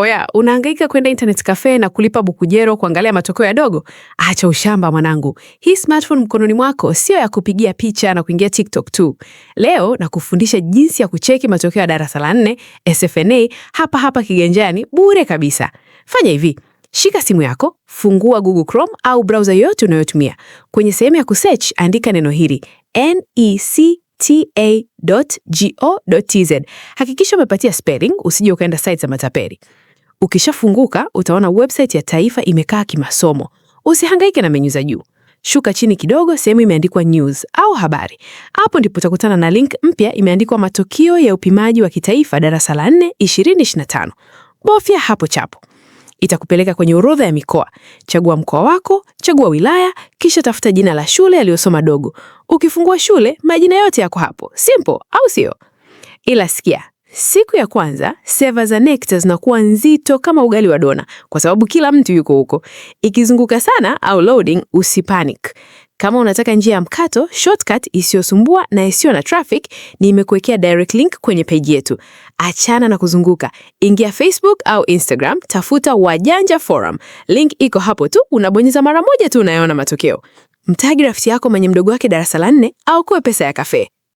Oya, oh unahangaika kwenda internet cafe na kulipa bukujero kuangalia matokeo ya dogo? Acha ushamba mwanangu. Hii smartphone mkononi mwako sio ya kupigia picha na kuingia TikTok tu. Leo nakufundisha jinsi ya kucheki matokeo ya darasa la nne SFNA hapa hapa kiganjani bure kabisa. Fanya hivi: Shika simu yako, fungua Google Chrome au browser yoyote unayotumia. Kwenye sehemu ya kusearch andika neno hili e ta.go.tz. Hakikisha umepatia spelling, usije ukaenda site za mataperi. Ukishafunguka utaona website ya Taifa imekaa kimasomo. Usihangaike na menyu za juu, shuka chini kidogo, sehemu imeandikwa news au habari. Hapo ndipo utakutana na link mpya imeandikwa matokeo ya upimaji wa kitaifa darasa la 4 2025. Bofya hapo chapo itakupeleka kwenye orodha ya mikoa. Chagua mkoa wako, chagua wilaya, kisha tafuta jina la shule aliyosoma Dogo. Ukifungua shule, majina yote yako hapo. Simple, au sio? Ila sikia, Siku ya kwanza seva za nekta zinakuwa nzito kama ugali wa dona, kwa sababu kila mtu yuko huko. Ikizunguka sana au loading, usipanic. Kama unataka njia ya mkato shortcut isiyosumbua na isiyo na traffic, nimekuwekea direct link kwenye peji yetu. Achana na kuzunguka, ingia Facebook au Instagram, tafuta Wajanja Forum, link iko hapo tu, unabonyeza mara moja tu, unayoona matokeo. Mtagi rafiki yako mwenye mdogo wake darasa la nne, au kuwe pesa ya kafee.